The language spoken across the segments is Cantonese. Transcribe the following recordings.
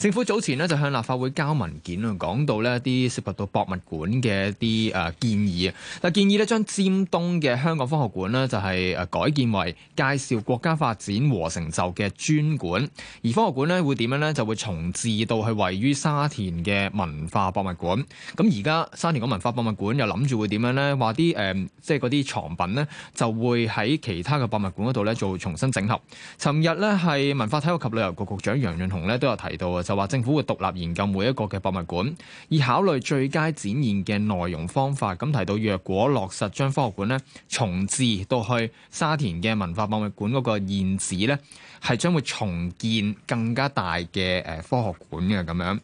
政府早前呢就向立法會交文件啊，講到咧啲涉及到博物館嘅一啲誒建議啊。嗱，建議咧將尖東嘅香港科學館呢，就係誒改建為介紹國家發展和成就嘅專館，而科學館呢，會點樣呢？就會重置到係位於沙田嘅文化博物館。咁而家沙田嘅文化博物館又諗住會點樣呢？話啲誒即係嗰啲藏品呢，就會喺其他嘅博物館嗰度呢做重新整合。尋日呢，係文化體育及旅遊局局長楊潤雄咧都有提到啊。就話政府會獨立研究每一個嘅博物館，而考慮最佳展現嘅內容方法。咁提到若果落實將科學館咧，重置到去沙田嘅文化博物館嗰個現址呢，係將會重建更加大嘅誒科學館嘅咁樣。誒、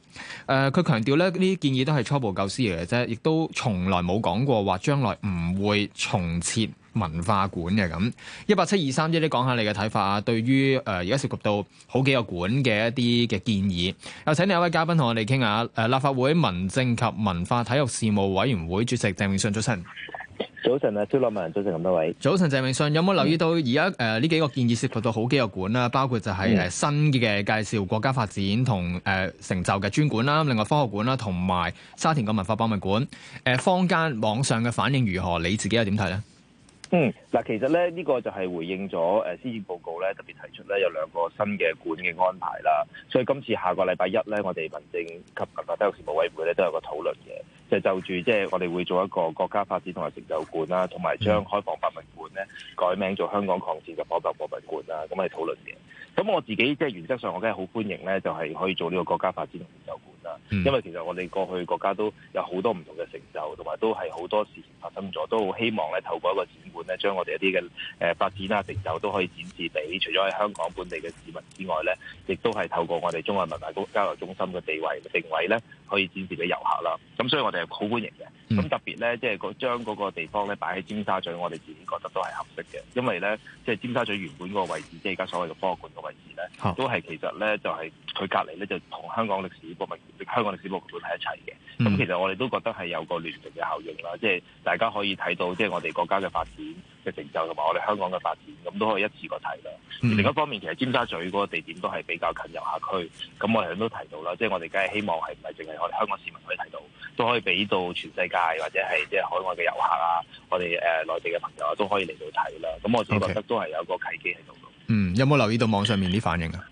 呃，佢強調咧呢啲建議都係初步構思嚟嘅啫，亦都從來冇講過話將來唔會重設。文化館嘅咁一八七二三一，1，你講下你嘅睇法啊。對於誒而家涉及到好幾個館嘅一啲嘅建議，有請你有位嘉賓同我哋傾下。誒、呃、立法會民政及文化體育事務委員會主席鄭泳舜早、早晨，早晨啊！多謝萬人早晨，咁多位早晨。鄭泳舜有冇留意到而家誒呢幾個建議涉及到好幾個館啦，包括就係、是、誒、嗯、新嘅介紹國家發展同誒、呃、成就嘅專館啦，另外科學館啦，同埋沙田個文化博物館誒、呃。坊間網上嘅反應如何？你自己又點睇呢？嗯，嗱，其實咧呢、這個就係回應咗誒，施、呃、政報告咧特別提出咧有兩個新嘅館嘅安排啦，所以今次下個禮拜一咧，我哋民政及文化體育事務委員會咧都有個討論嘅，就是、就住即係我哋會做一個國家發展同埋成就館啦，同埋將海防博物館咧改名做香港抗戰及海防博物館啦，咁去討論嘅。咁我自己即係原則上我梗係好歡迎咧，就係、是、可以做呢個國家發展同成就館。Mm hmm. 因為其實我哋過去國家都有好多唔同嘅成就，同埋都係好多事情發生咗，都好希望咧透過一個展館咧，將我哋一啲嘅誒發展啊成就都可以展示俾，除咗喺香港本地嘅市民之外咧，亦都係透過我哋中華文化交流中心嘅地位定位咧，可以展示俾遊客啦。咁所以我哋好歡迎嘅。咁、mm hmm. 特別咧，即係個將嗰個地方咧擺喺尖沙咀，我哋自己覺得都係合適嘅，因為咧即係尖沙咀原本個位置，即係而家所謂嘅科學館嘅位置咧，oh. 都係其實咧就係佢隔離咧就同香港歷史博物。香港嘅歷史博物館喺一齊嘅，咁、嗯、其實我哋都覺得係有個聯動嘅效應啦，即係大家可以睇到，即係我哋國家嘅發展嘅成就同埋我哋香港嘅發展，咁都可以一次過睇啦。嗯、另一方面，其實尖沙咀嗰個地點都係比較近遊客區，咁我哋都提到啦，即係我哋梗係希望係唔係淨係我哋香港市民可以睇到，都可以俾到全世界或者係即係海外嘅遊客啊，我哋誒、呃、內地嘅朋友都可以嚟到睇啦。咁我自己覺得都係有個契機喺度。嗯，有冇留意到網上面啲反應啊？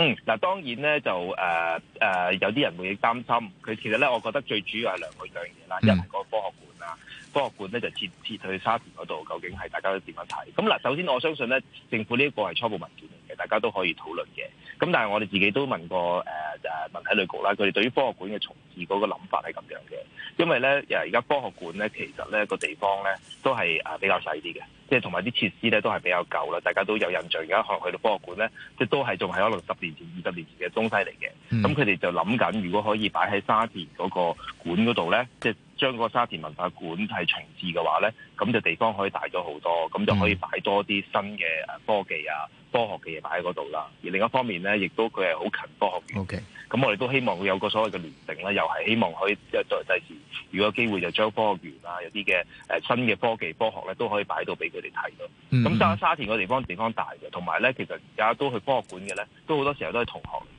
嗯，嗱，當然咧就誒誒、呃呃、有啲人會擔心，佢其實咧，我覺得最主要係兩個樣嘢啦，一係個科學館啊，科學館咧就設設去沙田嗰度，究竟係大家都點樣睇？咁、嗯、嗱，首先我相信咧，政府呢一個係初步文件嚟嘅，大家都可以討論嘅。咁但係我哋自己都問過誒誒、呃、文體旅局啦，佢哋對於科學館嘅重而嗰個諗法係咁樣嘅，因為咧誒，而家科學館咧，其實咧個地方咧都係誒比較細啲嘅，即係同埋啲設施咧都係比較舊啦。大家都有印象，而家可能去到科學館咧，即係都係仲係可能十年前、二十年前嘅東西嚟嘅。咁佢哋就諗緊，如果可以擺喺沙田嗰個館嗰度咧，即係。將個沙田文化館係重置嘅話咧，咁就地方可以大咗好多，咁就可以擺多啲新嘅科技啊、科學嘅嘢擺喺嗰度啦。而另一方面咧，亦都佢係好近科學園。咁 Okay. 我哋都希望會有個所謂嘅聯繫咧，又係希望可以即係再第時，如果有機會就將科學園啊、有啲嘅誒新嘅科技、科學咧都可以擺到俾佢哋睇到。咁沙、mm hmm. 沙田個地方地方大嘅，同埋咧其實而家都去科學館嘅咧，都好多時候都係同學。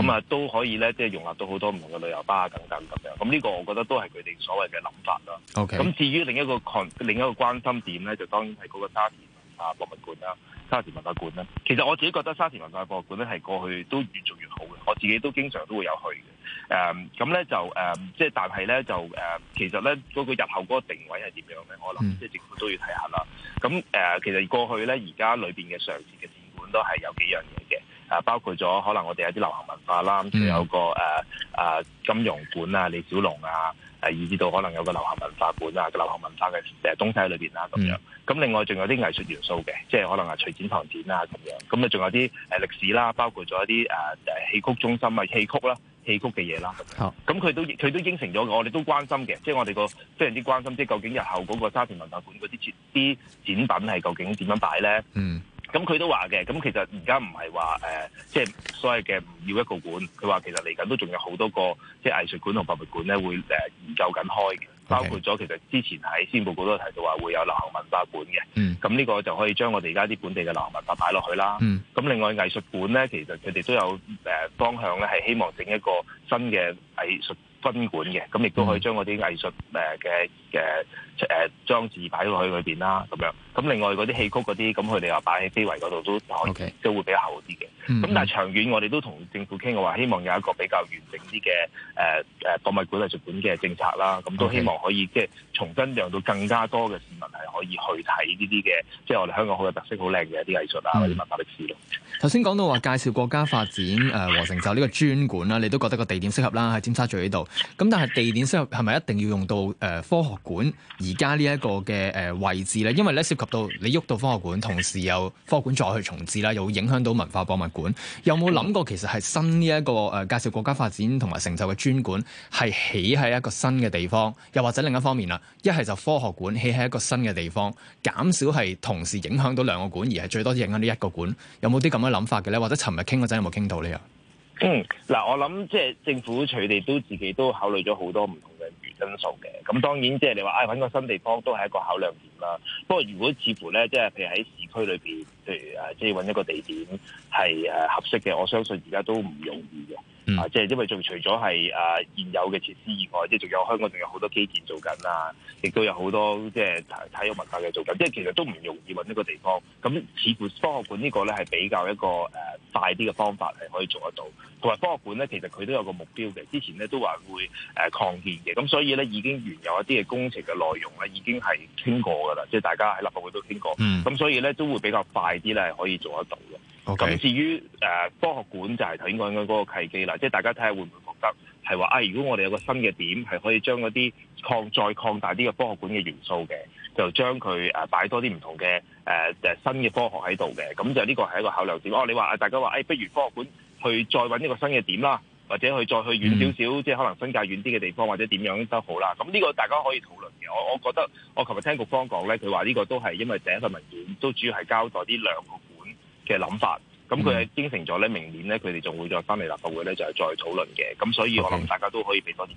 咁啊、嗯嗯、都可以咧，即係是融合到好多唔同嘅旅遊巴、嗯、等等咁樣。咁呢個我覺得都係佢哋所謂嘅諗法啦。O K。咁至於另一個群，另一個關心點咧，就當然係嗰個沙田文化博物館啦，沙田文化館啦。其實我自己覺得沙田文化博物館咧，係過去都越做越好嘅。我自己都經常都會有去嘅。誒、嗯，咁咧就誒，即、呃、係但係咧就誒、呃，其實咧嗰、那個日後嗰個定位係點樣咧？我諗即係政府都要睇下啦。咁、嗯、誒、呃，其實過去咧而家裏邊嘅常設嘅展館都係有幾、幾樣嘢。誒包括咗可能我哋有啲流行文化啦，仲、嗯、有個誒誒、呃、金融館啊、李小龍啊，誒、啊、以至到可能有個流行文化館啊、嘅流行文化嘅誒東西喺裏邊啦咁樣。咁另外仲有啲藝術元素嘅，即係可能係徐展堂展啊咁樣。咁啊仲有啲誒歷史啦，包括咗一啲誒誒戲曲中心啊、戲曲啦、戲曲嘅嘢啦。咁佢、哦、都佢都應承咗我哋都關心嘅，即係我哋個非常之關心，即係究竟日後嗰個沙田文化館嗰啲設啲展品係究竟點樣擺咧？嗯。咁佢都話嘅，咁其實而家唔係話誒，即、呃、係所謂嘅唔要一個館。佢話其實嚟緊都仲有好多個即係、就是、藝術館同博物館咧，會誒研究緊開嘅，Okay. 包括咗其實之前喺先報告都提到話會有流行文化館嘅。咁呢、嗯、個就可以將我哋而家啲本地嘅流行文化擺落去啦。咁、嗯、另外藝術館咧，其實佢哋都有誒方、呃、向咧，係希望整一個新嘅藝術分館嘅，咁亦都可以將我啲藝術誒嘅嘅。嗯嗯誒裝置擺落去裏邊啦，咁樣咁另外嗰啲戲曲嗰啲，咁佢哋又擺喺飛圍嗰度都 OK，都係會比較好啲嘅。咁、嗯、但係長遠，我哋都同政府傾過嘅話希望有一個比較完整啲嘅誒誒博物館藝術館嘅政策啦。咁都希望可以即係重新讓到更加多嘅市民係可以去睇呢啲嘅，即、就、係、是、我哋香港好有特色、好靚嘅一啲藝術啊、嗯、或者文化歷史咯。頭先講到話介紹國家發展誒、呃、和成就呢個專館啦，你都覺得個地點適合啦，喺尖沙咀呢度。咁但係地點適合係咪一定要用到誒科學館？而家呢一個嘅誒位置咧，因為咧涉及到你喐到科學館，同時又科學館再去重置啦，又會影響到文化博物館。有冇諗過其實係新呢、這、一個誒、呃、介紹國家發展同埋成就嘅專館係起喺一個新嘅地方？又或者另一方面啦，一係就科學館起喺一個新嘅地方，減少係同時影響到兩個館，而係最多影響呢一個館。有冇啲咁嘅諗法嘅咧？或者尋日傾嗰陣有冇傾到呢？啊，嗯，嗱，我諗即係政府佢哋都自己都考慮咗好多唔同。因素嘅，咁當然即係你話，誒揾個新地方都係一個考量點啦。不過如果似乎咧，即係譬如喺市區裏邊，譬如啊，即係揾一個地點係誒合適嘅，我相信而家都唔容易嘅。啊！即係、嗯、因為仲除咗係誒現有嘅設施以外，即係仲有香港仲有好多基建做緊啊！亦都有好多即係體育文化嘅做緊，即係其實都唔容易揾一個地方。咁似乎科學館呢個咧係比較一個誒快啲嘅方法係可以做得到。同埋科學館咧，其實佢都有個目標嘅，之前咧都話會誒擴建嘅。咁所以咧已經原有一啲嘅工程嘅內容咧已經係傾過㗎啦，即係大家喺立法會都傾過。咁、嗯、所以咧都會比較快啲咧係可以做得到。咁 Okay.、嗯、至於誒、呃、科學館就係頭先講緊嗰個契機啦，即係大家睇下會唔會覺得係話啊？如果我哋有個新嘅點，係可以將嗰啲擴再擴大啲嘅科學館嘅元素嘅，就將佢誒擺多啲唔同嘅誒誒新嘅科學喺度嘅，咁就呢個係一個考量點。哦，你話啊，大家話誒，不如科學館去再搵一個新嘅點啦，或者去再去遠少少，即係可能新界遠啲嘅地方或者點樣都好啦。咁、嗯、呢、嗯嗯、個大家可以討論嘅。我我覺得我琴日聽局方講咧，佢話呢個都係因為第一份文件都主要係交代啲兩嘅諗法，咁佢係應承咗咧，明年咧佢哋仲會再翻嚟立法會咧，就係再討論嘅，咁所以我諗大家都可以俾多啲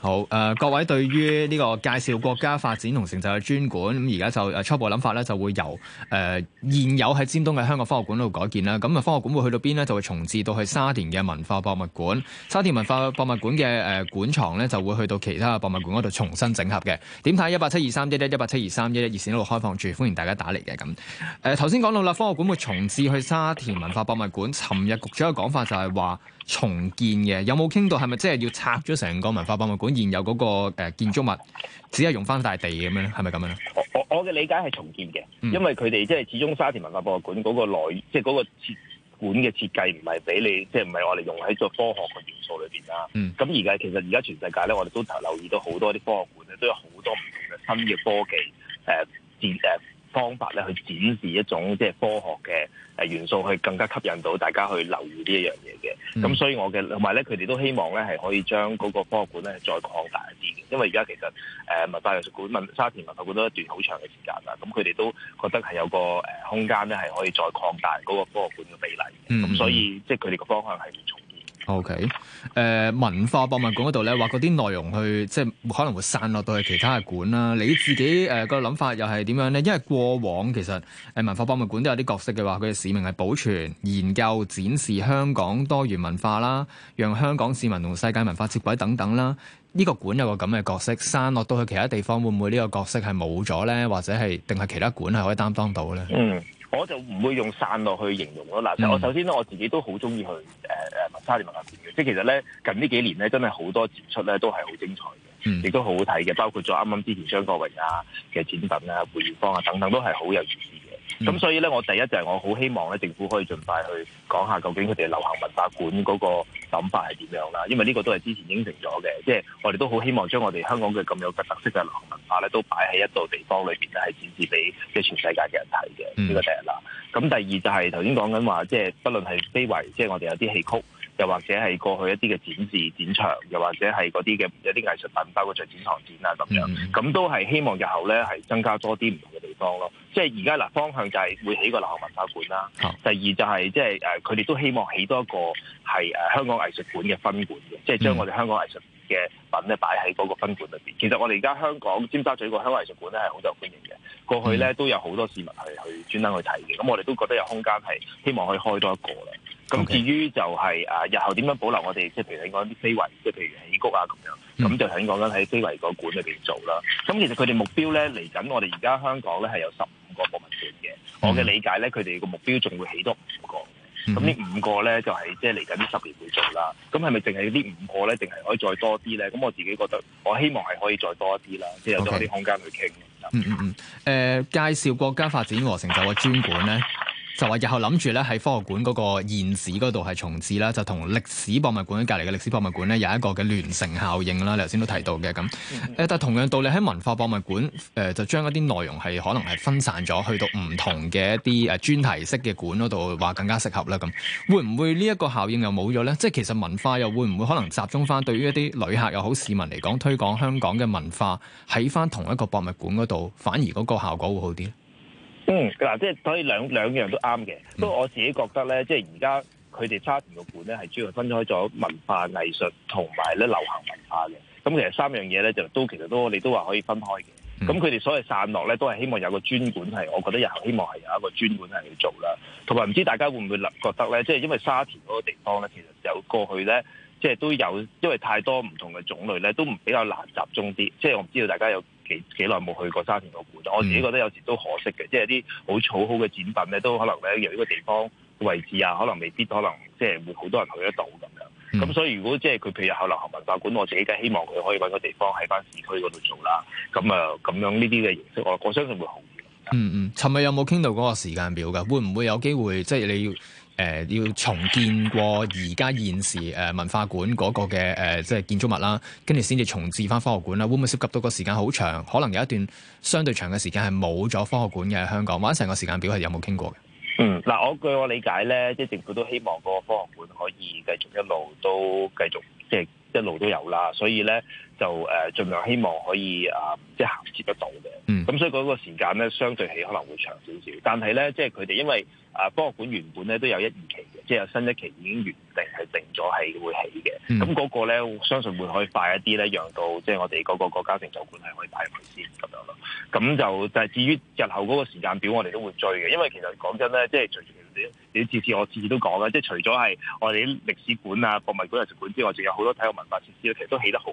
好誒、呃，各位對於呢個介紹國家發展同成就嘅專館，咁而家就誒初步嘅諗法咧，就會由誒、呃、現有喺尖東嘅香港科學館度改建啦。咁、嗯、啊，科學館會去到邊咧？就會重置到去沙田嘅文化博物館。沙田文化博物館嘅誒館藏咧，呃、就會去到其他嘅博物館嗰度重新整合嘅。點睇？一八七二三一一一八七二三一一熱線一路開放住，歡迎大家打嚟嘅。咁、嗯、誒，頭先講到啦，科學館會重置去沙田文化博物館。尋日局長嘅講法就係話。重建嘅有冇傾到？係咪即係要拆咗成個文化博物館現有嗰、嗰個、呃、建築物，只係用翻大地咁樣咧？係咪咁樣咧？我我嘅理解係重建嘅，因為佢哋即係始終沙田文化博物館嗰個內，即係嗰個設館嘅設計唔係俾你，即係唔係我哋用喺做科學嘅元素裏邊啦。咁、嗯、而家其實而家全世界咧，我哋都留意到好多啲科學館咧，都有好多唔同嘅新嘅科技誒電、呃方法咧去展示一種即係科學嘅誒元素，去更加吸引到大家去留意呢一樣嘢嘅。咁、嗯、所以我嘅同埋咧，佢哋都希望咧係可以將嗰個科學館咧再擴大一啲嘅。因為而家其實誒、呃、文化藝術館文沙田文化館都一段好長嘅時間啦。咁佢哋都覺得係有個誒空間咧係可以再擴大嗰個科學館嘅比例。咁、嗯、所以即係佢哋個方向係唔重。O K，誒文化博物館嗰度咧，話嗰啲內容去，即係可能會散落到去其他嘅館啦。你自己誒、呃嗰個諗法又係點樣咧？因為過往其實誒、呃、文化博物館都有啲角色嘅話，佢嘅使命係保存、研究、展示香港多元文化啦，讓香港市民同世界文化接軌等等啦。呢、呢個館有個咁嘅角色，散落到去其他地方，會唔會呢個角色係冇咗咧？或者係定係其他館係可以擔當到咧？嗯。我就唔會用散落去形容咯，嗱，我首先咧，我自己都好中意去誒誒文沙，即係其實咧近呢幾年咧真係好多展出咧都係好精彩嘅，亦 都好好睇嘅，包括咗啱啱之前張國榮啊嘅展品啊、梅艷芳啊等等都係好有意思。咁、mm hmm. 所以咧，我第一就係我好希望咧，政府可以盡快去講下究竟佢哋流行文化館嗰個諗法係點樣啦，因為呢個都係之前應承咗嘅，即、就、係、是、我哋都好希望將我哋香港嘅咁有特特色嘅流行文化咧，都擺喺一度地方裏邊咧，係展示俾即係全世界嘅人睇嘅呢個第一啦。咁、mm hmm. 第二就係頭先講緊話，即、就、係、是、不論係非遺，即、就、係、是、我哋有啲戲曲，又或者係過去一啲嘅展示展場，又或者係嗰啲嘅一啲藝術品，包括像展藏展啊咁樣，咁、mm hmm. 都係希望日後咧係增加多啲唔。咯，即係而家嗱方向就係會起個流行文化館啦。好第二就係即係誒，佢、就、哋、是呃、都希望起多一個係誒香港藝術館嘅分館嘅，嗯、即係將我哋香港藝術嘅品咧擺喺嗰個分館裏邊。其實我哋而家香港尖沙咀個香港藝術館咧係好受歡迎嘅，過去咧都有好多市民係去專登去睇嘅。咁我哋都覺得有空間係希望可以開多一個嘅。咁 Okay. 至於就係、是、誒、啊、日後點樣保留我哋，即、就、係、是、譬如你講啲非遺，即係譬如起屋啊咁樣，咁、嗯、就係你講緊喺非遺個館裏邊做啦。咁其實佢哋目標咧，嚟緊我哋而家香港咧係有十五個博物館嘅。我嘅理解咧，佢哋個目標仲會起多五個嘅。咁、嗯、呢五個咧就係、是、即係嚟緊十年會做啦。咁係咪淨係呢五個咧，定係可以再多啲咧？咁我自己覺得，我希望係可以再多啲啦，即係有多啲空間去傾。誒，介紹國家發展和成就嘅專館咧。就話日後諗住咧喺科學館嗰個現址嗰度係重置啦，就同歷史博物館隔籬嘅歷史博物館咧有一個嘅聯乘效應啦。你頭先都提到嘅咁，誒，但係同樣道理喺文化博物館誒、呃，就將一啲內容係可能係分散咗去到唔同嘅一啲誒專題式嘅館嗰度，話更加適合啦。咁會唔會呢一個效應又冇咗咧？即係其實文化又會唔會可能集中返對於一啲旅客又好市民嚟講推廣香港嘅文化喺返同一個博物館嗰度，反而嗰個效果會好啲？嗯，嗱，即係所以兩兩樣都啱嘅。不過我自己覺得咧，即係而家佢哋沙田個館咧係主要分開咗文化藝術同埋咧流行文化嘅。咁其實三樣嘢咧就都其實都你都話可以分開嘅。咁佢哋所謂散落咧都係希望有個專館係，我覺得又希望係有一個專館係去做啦。同埋唔知大家會唔會諗覺得咧，即係因為沙田嗰個地方咧，其實有過去咧，即係都有因為太多唔同嘅種類咧，都唔比較難集中啲。即係我唔知道大家有幾幾耐冇去過沙田個館，我自己覺得有時都可惜嘅，即係啲好好好嘅展品咧，都可能咧由呢個地方位置啊，可能未必可能即係會好多人去得到咁樣。咁所以如果即係佢譬如下流行文化館，我自己梗希望佢可以搵個地方喺返市區嗰度做啦。咁啊咁樣呢啲嘅形式，我我相信會好啲。嗯嗯，尋日有冇傾到嗰個時間表㗎？會唔會有機會即係你要。誒、呃，要重建過而家現時誒文化館嗰個嘅誒、呃、即係建築物啦，跟住先至重置返科學館啦。會唔會涉及到個時間好長？可能有一段相對長嘅時間係冇咗科學館嘅香港。或成個時間表係有冇傾過嘅？嗯，嗱，我據我理解咧，即係政府都希望個科學館可以繼續一路都繼續即係、就是、一路都有啦，所以咧。就誒，儘量希望可以啊、呃，即係銜接得到嘅。咁、嗯、所以嗰個時間咧，相對起可能會長少少。但係咧，即係佢哋因為啊，科學館原本咧都有一二期嘅，即係有新一期已經預定係定咗係會起嘅。咁嗰、嗯、個咧，相信會可以快一啲咧，讓到即係我哋嗰、那個國、那個、家成就館係可以帶入去先咁樣咯。咁就但係至於日後嗰個時間表，我哋都會追嘅。因為其實講真咧，即係最近你次次我次次都講嘅，即係除咗係我哋啲歷史館啊、博物館啊、藝術館之外，仲有好多體育文化設施咧，其實都起得好。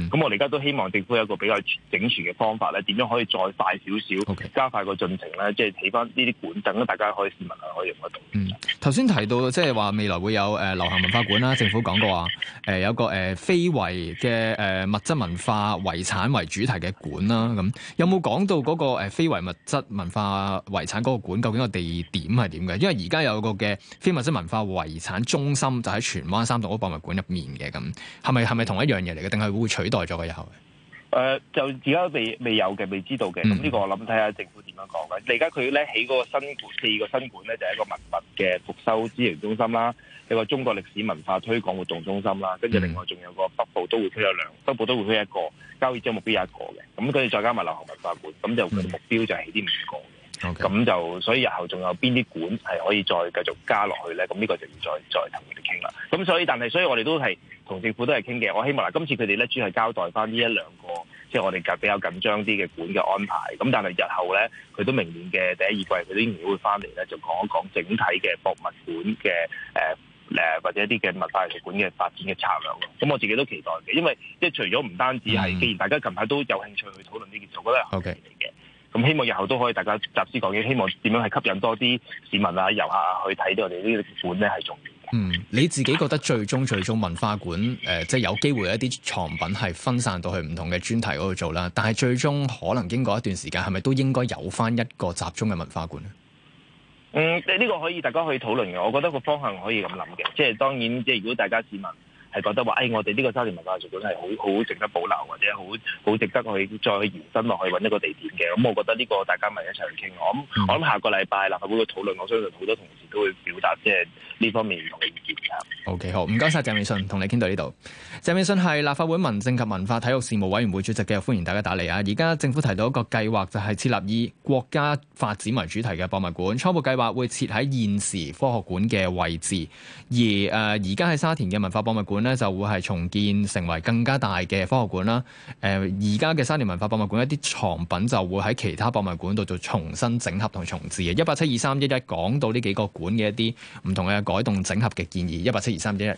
咁我哋而家都希望政府有一個比較整全嘅方法咧，點樣可以再快少少，Okay. 加快個進程咧，即係起翻呢啲館等咧，大家可以市民啊可以用得到。嗯，頭先提到即係話未來會有誒、呃、流行文化館啦，政府講過話誒、呃、有個誒、呃、非遺嘅誒物質文化遺產為主題嘅館啦，咁、嗯、有冇講到嗰、那個誒、呃、非遺物質文化遺產嗰個館，究竟個地點係點嘅？因為而家有個嘅非物質文化遺產中心就喺荃灣三棟屋博物館入面嘅，咁係咪係咪同一樣嘢嚟嘅？定係會取代？咗嘅日後嘅，嗯、就而家未未有嘅，未知道嘅。咁呢、嗯、個我諗睇下政府點樣講嘅。而家佢咧起嗰個新館，四個新館咧就係一個文物嘅復修支援中心啦，一個中國歷史文化推廣活動中心啦，跟住另外仲有個北部都會區，有兩，北部都會區，一個，交易中心目標一個嘅。咁跟住再加埋流行文化館，咁就佢嘅目標就係起啲五個嘅。咁、嗯、就所以日後仲有邊啲館係可以再繼續加落去咧？咁呢個就要再再同佢哋傾啦。咁所以但係，所以我哋都係。同政府都係傾嘅，我希望啦，今次佢哋咧主要係交代翻呢一兩個，即係我哋比較緊張啲嘅館嘅安排。咁但係日後咧，佢都明年嘅第一二季，佢應該會翻嚟咧，就講一講整體嘅博物館嘅誒誒或者一啲嘅文化藝術館嘅發展嘅策略咯。咁我自己都期待嘅，因為即係除咗唔單止係，嗯、既然大家近排都有興趣去討論呢件事，我覺得 OK 嚟嘅。咁希望日後都可以大家集思廣益，希望點樣係吸引多啲市民啊、遊客啊、去睇到我哋呢啲館咧係重要。嗯，你自己覺得最終最終文化館誒、呃，即係有機會一啲藏品係分散到去唔同嘅專題嗰度做啦，但係最終可能經過一段時間，係咪都應該有翻一個集中嘅文化館咧？嗯，呢、這個可以大家可以討論嘅。我覺得個方向可以咁諗嘅，即係當然，即係如果大家市民。係覺得話，誒、哎，我哋呢個沙田文化博物館係好好值得保留，或者好好值得再去再延伸落去揾一個地點嘅。咁、嗯，我覺得呢個大家咪一齊去傾。咁，我諗下個禮拜立法會嘅討論，我相信好多同事都會表達即係呢方面唔同嘅意見㗎。Okay，好，唔該晒。鄭泳舜，同你傾到呢度。鄭泳舜係立法會民政及文化體育事務委員會主席嘅，歡迎大家打嚟啊！而家政府提到一個計劃，就係設立以國家發展為主題嘅博物館，初步計劃會設喺現時科學館嘅位置，而誒而家喺沙田嘅文化博物館。咧就會係重建成為更加大嘅科學館啦。誒、呃，而家嘅三年文化博物館一啲藏品就會喺其他博物館度做重新整合同重置嘅。一八七二三一一，講到呢幾個館嘅一啲唔同嘅改動整合嘅建議。一八七二三一一。